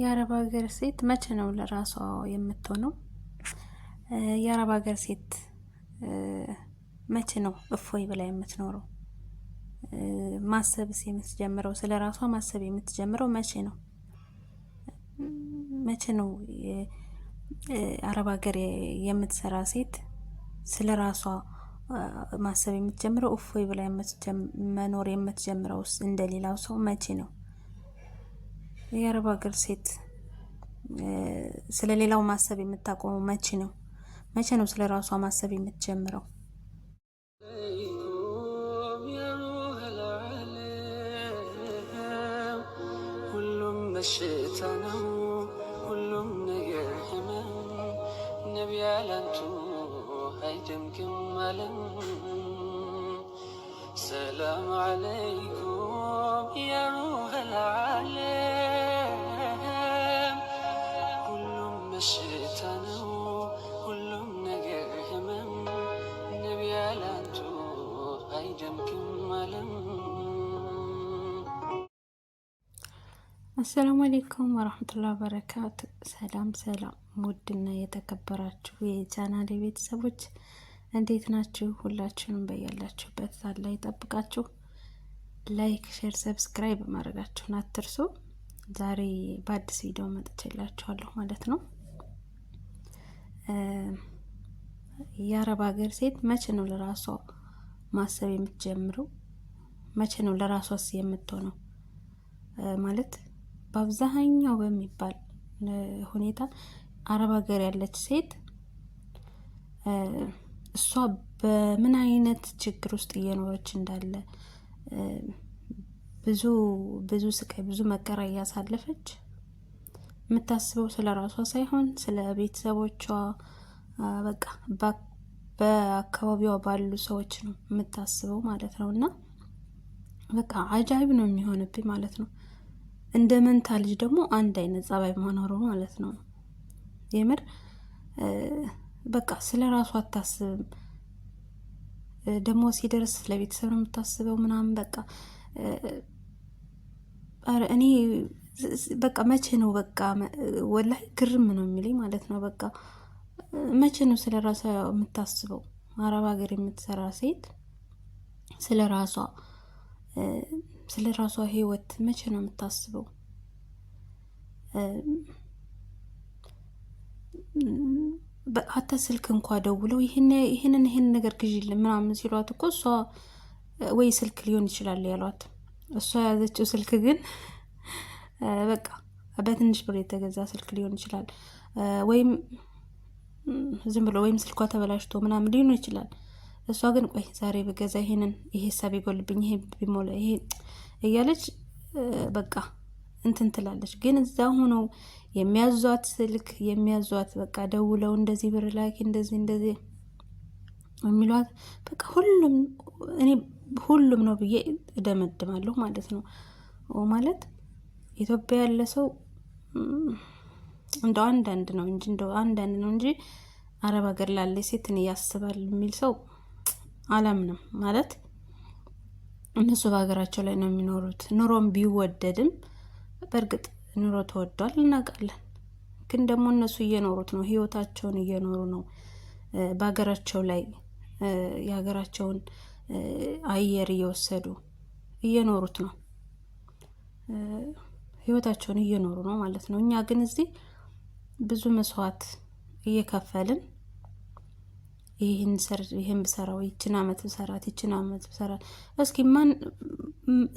የአረብ ሀገር ሴት መቼ ነው ለራሷ የምትሆነው? የአረብ ሀገር ሴት መቼ ነው እፎይ ብላ የምትኖረው? ማሰብስ የምትጀምረው ስለ ራሷ ማሰብ የምትጀምረው መቼ ነው? መቼ ነው አረብ ሀገር የምትሰራ ሴት ስለ ራሷ ማሰብ የምትጀምረው እፎይ ብላ መኖር የምትጀምረው እንደሌላው ሰው መቼ ነው? የአረብ ሀገር ሴት ስለ ሌላው ማሰብ የምታቆመው መቼ ነው? መቼ ነው ስለ ራሷ ማሰብ የምትጀምረው? ሁሉም በሽታ ነው፣ ሁሉም ነገር ህመም። ነቢ ያላንቱ አይደምግም አለም። ሰላም አለይኩም ያሩህላ አሰላሙ አሌይኩም ወረህመቱላ በረካቱ። ሰላም ሰላም፣ ውድና የተከበራችሁ የቻናል ቤተሰቦች እንዴት ናችሁ? ሁላችሁንም በያላችሁበት ሳላ ይጠብቃችሁ። ላይክ፣ ሼር፣ ሰብስክራይብ ማድረጋችሁን አትርሱ። ዛሬ በአዲስ ቪዲዮ መጥቼላችኋለሁ ማለት ነው። የአረብ ሀገር ሴት መቼ ነው ለራሷ ማሰብ የምትጀምረው? መቼ ነው ለራሷስ የምትሆነው? ማለት በአብዛኛው በሚባል ሁኔታ አረብ ሀገር ያለች ሴት እሷ በምን አይነት ችግር ውስጥ እየኖረች እንዳለ ብዙ ብዙ ስቃይ ብዙ መከራ እያሳለፈች የምታስበው ስለ ራሷ ሳይሆን ስለ ቤተሰቦቿ በቃ በአካባቢዋ ባሉ ሰዎች ነው የምታስበው ማለት ነው። እና በቃ አጃይብ ነው የሚሆንብኝ ማለት ነው። እንደ መንታ ልጅ ደግሞ አንድ አይነት ጸባይ መኖሩ ማለት ነው። የምር በቃ ስለ ራሱ አታስብም። ደግሞ ሲደርስ ስለቤተሰብ ነው የምታስበው ምናምን በቃ ኧረ እኔ በቃ መቼ ነው በቃ ወላሂ ግርም ነው የሚለኝ ማለት ነው። በቃ መቼ ነው ስለ ራሷ የምታስበው? አረብ ሀገር የምትሰራ ሴት ስለ ራሷ ስለ ራሷ ህይወት መቼ ነው የምታስበው? ሀታ ስልክ እንኳ ደውለው ይህንን ይህን ነገር ግዢልን ምናምን ሲሏት እኮ እሷ ወይ ስልክ ሊሆን ይችላል ያሏት። እሷ የያዘችው ስልክ ግን በቃ በትንሽ ብር የተገዛ ስልክ ሊሆን ይችላል፣ ወይም ዝም ብሎ ወይም ስልኳ ተበላሽቶ ምናምን ሊሆን ይችላል። እሷ ግን ቆይ ዛሬ ብገዛ ይሄንን ይሄ ሀሳብ ይጎልብኝ ይሄ ቢሞላ ይሄ እያለች በቃ እንትን ትላለች። ግን እዛ ሆኖ የሚያዟት ስልክ የሚያዟት በቃ ደውለው እንደዚህ ብር ላኪ እንደዚህ እንደዚህ የሚሏት በቃ ሁሉም እኔ ሁሉም ነው ብዬ እደመድማለሁ ማለት ነው። ማለት ኢትዮጵያ ያለ ሰው እንደው አንዳንድ ነው እንጂ እንደው አንዳንድ ነው እንጂ አረብ ሀገር ላለ ሴት ያስባል የሚል ሰው አላምንም። ማለት እነሱ በሀገራቸው ላይ ነው የሚኖሩት። ኑሮም ቢወደድም በእርግጥ ኑሮ ተወዷል እናውቃለን። ግን ደግሞ እነሱ እየኖሩት ነው፣ ህይወታቸውን እየኖሩ ነው። በሀገራቸው ላይ የሀገራቸውን አየር እየወሰዱ እየኖሩት ነው፣ ህይወታቸውን እየኖሩ ነው ማለት ነው። እኛ ግን እዚህ ብዙ መስዋዕት እየከፈልን ይህን ይህን ብሰራው ይችን አመት ብሰራት ይችን አመት ብሰራት እስኪ ማን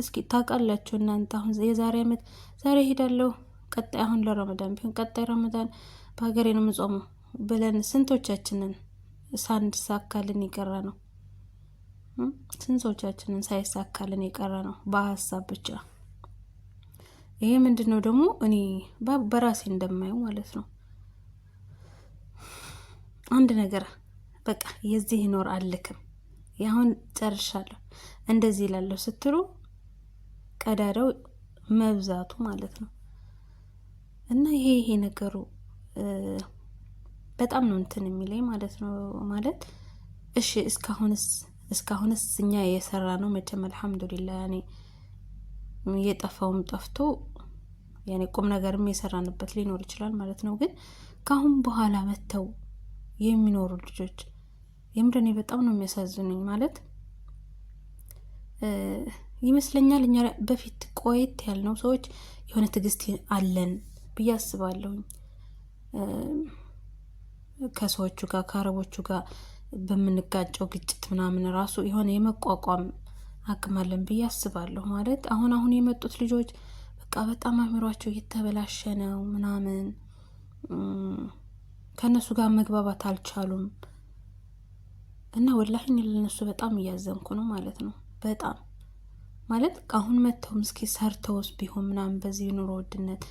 እስኪ ታውቃላችሁ እናንተ አሁን የዛሬ አመት ዛሬ ሄዳለሁ ቀጣይ አሁን ለረመዳን ቢሆን ቀጣይ ረመዳን በሀገሬ ነው ምጾሙ ብለን ስንቶቻችንን ሳንሳካልን የቀረ ነው። ስንቶቻችንን ሳይሳካልን የቀረ ነው በሀሳብ ብቻ። ይሄ ምንድን ነው ደግሞ እኔ በራሴ እንደማየው ማለት ነው አንድ ነገር በቃ የዚህ ይኖር አልክም ያሁን ጨርሻለሁ እንደዚህ ይላለሁ ስትሉ ቀዳዳው መብዛቱ ማለት ነው። እና ይሄ ይሄ ነገሩ በጣም ነው እንትን የሚለኝ ማለት ነው። ማለት እሺ እስካሁንስ እስካሁንስ እኛ የሰራ ነው መቼም አልሐምዱሊላ ያኔ የጠፋውም ጠፍቶ ያኔ ቁም ነገርም የሰራንበት ሊኖር ይችላል ማለት ነው። ግን ከአሁን በኋላ መተው የሚኖሩ ልጆች የምር እኔ በጣም ነው የሚያሳዝኑኝ። ማለት ይመስለኛል እኛ በፊት ቆየት ያልነው ሰዎች የሆነ ትዕግስት አለን ብዬ አስባለሁኝ። ከሰዎቹ ጋር ከአረቦቹ ጋር በምንጋጨው ግጭት ምናምን ራሱ የሆነ የመቋቋም አቅም አለን ብዬ አስባለሁ። ማለት አሁን አሁን የመጡት ልጆች በቃ በጣም አእምሯቸው እየተበላሸ ነው ምናምን ከእነሱ ጋር መግባባት አልቻሉም። እና ወላሂ እኔ ለነሱ በጣም እያዘንኩ ነው ማለት ነው። በጣም ማለት አሁን መጥተው ምስኪ ሰርተውስ ቢሆን ምናምን በዚህ ኑሮ ውድነት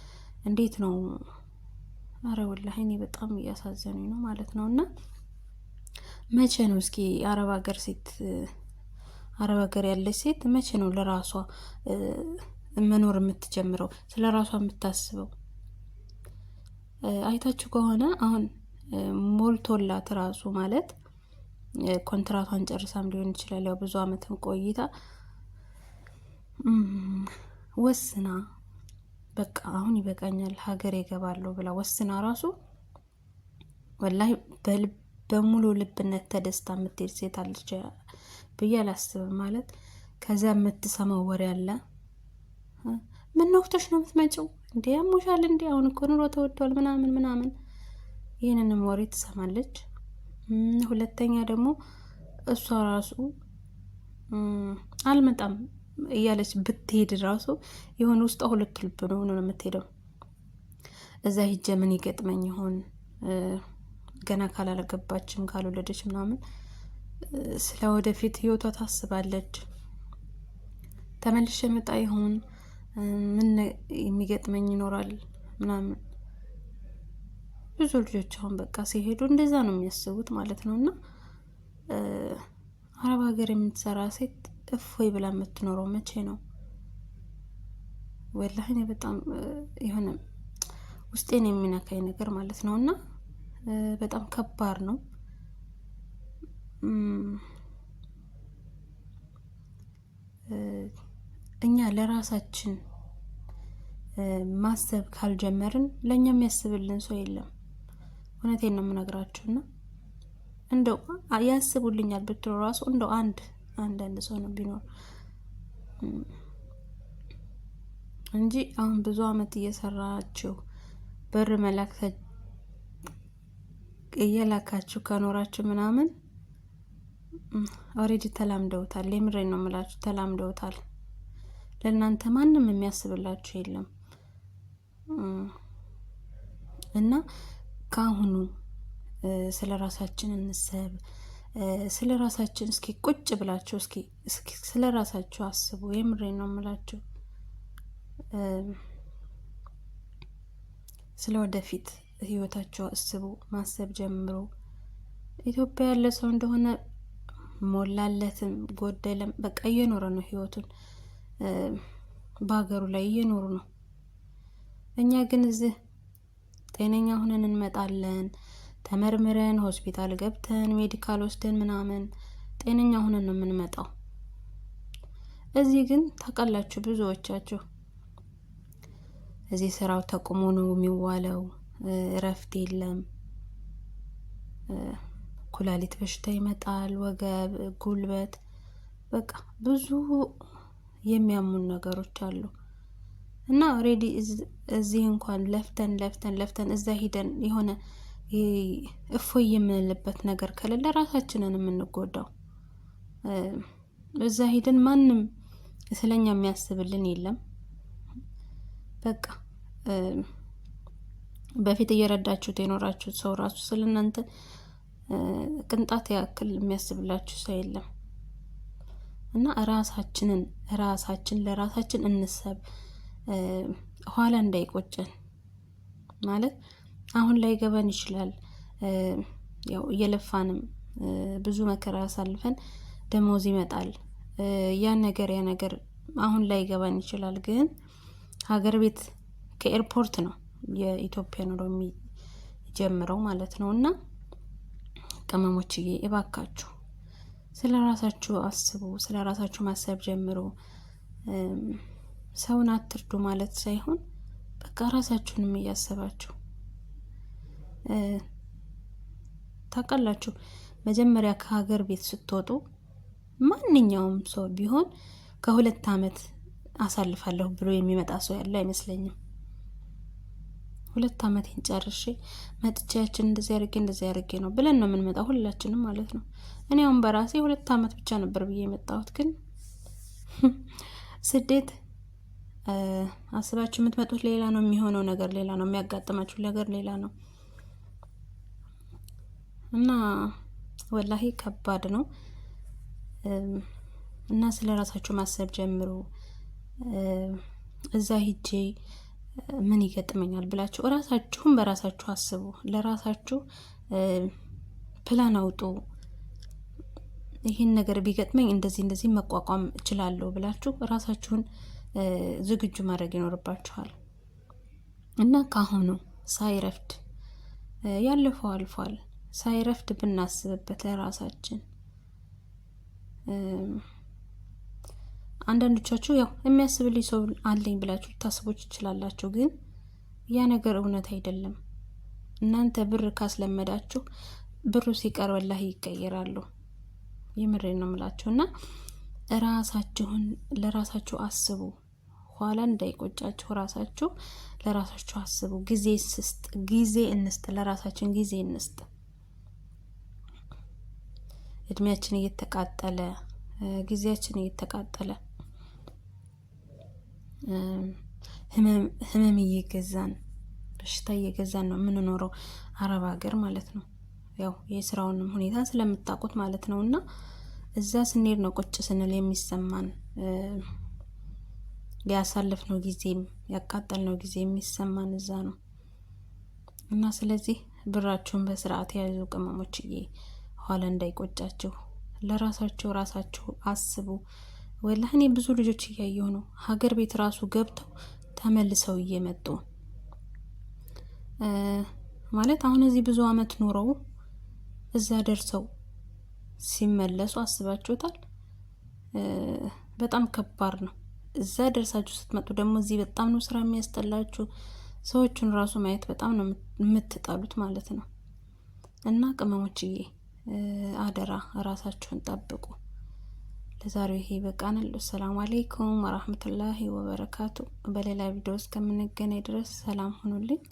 እንዴት ነው? አረ ወላሂ እኔ በጣም እያሳዘኑኝ ነው ማለት ነው። እና መቼ ነው እስኪ አረብ ሀገር ሴት አረብ ሀገር ያለች ሴት መቼ ነው ለራሷ መኖር የምትጀምረው ስለ ራሷ የምታስበው? አይታችሁ ከሆነ አሁን ሞልቶላት ራሱ ማለት ኮንትራቷን ጨርሳም ሊሆን ይችላል። ያው ብዙ አመትም ቆይታ ወስና በቃ አሁን ይበቃኛል ሀገር ይገባለሁ ብላ ወስና ራሱ ወላሂ በሙሉ ልብነት ተደስታ የምትሄድ ሴት አለች ብዬ አላስብም። ማለት ከዚያ የምትሰማው ወሬ አለ ምን ወቅቶች ነው የምትመጪው እንዲ ያሞሻል እንዴ አሁን እኮ ኑሮ ተወዷል ምናምን ምናምን ይህንንም ወሬ ትሰማለች። ሁለተኛ ደግሞ እሷ ራሱ አልመጣም እያለች ብትሄድ ራሱ የሆነ ውስጧ ሁለት ልብ ነው ሆኖ ነው የምትሄደው። እዛ ሂጄ ምን ይገጥመኝ ይሆን ገና ካላለገባችም ካልወለደች ምናምን ስለ ወደፊት ህይወቷ ታስባለች። ተመልሼ መጣ ይሆን ምን የሚገጥመኝ ይኖራል ምናምን ብዙ ልጆች አሁን በቃ ሲሄዱ እንደዛ ነው የሚያስቡት ማለት ነው። እና አረብ ሀገር የምትሰራ ሴት እፎይ ብላ የምትኖረው መቼ ነው? ወላሂ እኔ በጣም የሆነ ውስጤን የሚነካኝ ነገር ማለት ነው። እና በጣም ከባድ ነው። እኛ ለራሳችን ማሰብ ካልጀመርን ለእኛ የሚያስብልን ሰው የለም። እውነቴን ነው የምነግራችሁና እንደው ያስቡልኛል ብትሉ ራሱ እንደው አንድ አንዳንድ ሰው ነው ቢኖር እንጂ አሁን ብዙ አመት እየሰራችሁ በር መላክ እየላካችሁ ከኖራችሁ ምናምን ኦሬዲ ተላምደውታል። የምሬን ነው የምላችሁ ተላምደውታል። ለእናንተ ማንም የሚያስብላችሁ የለም እና ከአሁኑ ስለ ራሳችን እንሰብ። ስለ ራሳችን እስኪ ቁጭ ብላችሁ እስኪ ስለ ራሳችሁ አስቡ። የምሬ ነው የምላችሁ። ስለ ወደፊት ህይወታችሁ አስቡ፣ ማሰብ ጀምሮ። ኢትዮጵያ ያለ ሰው እንደሆነ ሞላለትም ጎደለም በቃ እየኖረ ነው ህይወቱን በሀገሩ ላይ እየኖሩ ነው። እኛ ግን እዚህ ጤነኛ ሆነን እንመጣለን ተመርምረን ሆስፒታል ገብተን ሜዲካል ወስደን ምናምን ጤነኛ ሆነን ነው የምንመጣው። እዚህ ግን ታውቃላችሁ፣ ብዙዎቻችሁ እዚህ ስራው ተቁሞ ነው የሚዋለው፣ እረፍት የለም። ኩላሊት በሽታ ይመጣል፣ ወገብ፣ ጉልበት፣ በቃ ብዙ የሚያሙን ነገሮች አሉ እና ኦልሬዲ እዚህ እንኳን ለፍተን ለፍተን ለፍተን እዛ ሂደን የሆነ እፎይ የምንልበት ነገር ከሌለ ራሳችንን የምንጎዳው። እዛ ሂደን ማንም ስለኛ የሚያስብልን የለም። በቃ በፊት እየረዳችሁት የኖራችሁት ሰው ራሱ ስለእናንተ ቅንጣት ያክል የሚያስብላችሁ ሰው የለም። እና ራሳችንን ራሳችን ለራሳችን እንሰብ ኋላ እንዳይቆጨን ማለት አሁን ላይ ገበን ይችላል። ያው እየለፋንም ብዙ መከራ ያሳልፈን ደሞዝ ይመጣል። ያን ነገር ያ ነገር አሁን ላይ ገበን ይችላል፣ ግን ሀገር ቤት ከኤርፖርት ነው የኢትዮጵያ ኑሮ የሚጀምረው ማለት ነው እና ቅመሞችዬ እባካችሁ ስለ ራሳችሁ አስቡ። ስለ ራሳችሁ ማሰብ ጀምሮ ሰውን አትርዱ ማለት ሳይሆን በቃ ራሳችሁንም እያሰባችሁ ታውቃላችሁ። መጀመሪያ ከሀገር ቤት ስትወጡ ማንኛውም ሰው ቢሆን ከሁለት ዓመት አሳልፋለሁ ብሎ የሚመጣ ሰው ያለ አይመስለኝም። ሁለት ዓመቴን ጨርሼ መጥቻያችን እንደዚህ አድርጌ እንደዚህ አድርጌ ነው ብለን ነው የምንመጣው ሁላችንም ማለት ነው። እኔ አሁን በራሴ ሁለት አመት ብቻ ነበር ብዬ የመጣሁት፣ ግን ስደት አስባችሁ የምትመጡት ሌላ ነው፣ የሚሆነው ነገር ሌላ ነው፣ የሚያጋጥማችሁ ነገር ሌላ ነው እና ወላሂ ከባድ ነው እና ስለ ራሳችሁ ማሰብ ጀምሩ። እዛ ሂጄ ምን ይገጥመኛል ብላችሁ እራሳችሁም በራሳችሁ አስቡ። ለራሳችሁ ፕላን አውጡ። ይህን ነገር ቢገጥመኝ እንደዚህ እንደዚህ መቋቋም እችላለሁ ብላችሁ ራሳችሁን ዝግጁ ማድረግ ይኖርባችኋል እና ካሁኑ ሳይረፍድ ያለፈው አልፏል ሳይረፍድ ብናስብበት ለራሳችን አንዳንዶቻችሁ ያው የሚያስብልኝ ሰው አለኝ ብላችሁ ታስቦች ይችላላችሁ። ግን ያ ነገር እውነት አይደለም። እናንተ ብር ካስለመዳችሁ ብሩ ሲቀር ወላሂ ይቀየራሉ። የምሬ ነው ምላችሁ። እና ራሳችሁን ለራሳችሁ አስቡ። ኋላ እንዳይቆጫችሁ ራሳችሁ ለራሳችሁ አስቡ። ጊዜ ስስጥ ጊዜ እንስጥ፣ ለራሳችን ጊዜ እንስጥ። እድሜያችን እየተቃጠለ ጊዜያችን እየተቃጠለ ህመም እየገዛን በሽታ እየገዛን ነው የምንኖረው አረብ ሀገር ማለት ነው። ያው የስራውንም ሁኔታ ስለምታውቁት ማለት ነው። እና እዛ ስንሄድ ነው ቁጭ ስንል የሚሰማን ነው ጊዜም ነው ጊዜ የሚሰማን እዛ ነው። እና ስለዚህ ብራችሁን በስርዓት የያዙ ቅመሞችዬ ኋላ እንዳይቆጫችሁ ለራሳችሁ ራሳችሁ አስቡ። ወላሂ እኔ ብዙ ልጆች እያየሁ ነው። ሀገር ቤት ራሱ ገብተው ተመልሰው እየመጡ ማለት አሁን እዚህ ብዙ አመት ኖረው እዛ ደርሰው ሲመለሱ አስባችሁታል? በጣም ከባድ ነው። እዛ ደርሳችሁ ስትመጡ ደግሞ እዚህ በጣም ነው ስራ የሚያስጠላችሁ። ሰዎቹን ራሱ ማየት በጣም ነው የምትጠሉት ማለት ነው። እና ቅመሞችዬ አደራ ራሳችሁን ጠብቁ። ለዛሬው ይሄ ይበቃናል። ሰላም አሌይኩም ወራህመቱላሂ ወበረካቱ። በሌላ ቪዲዮ እስከምንገናኝ ድረስ ሰላም ሁኑልኝ።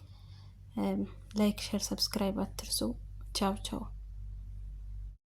ላይክ፣ ሼር፣ ሰብስክራይብ አትርሱ። ቻው ቻው።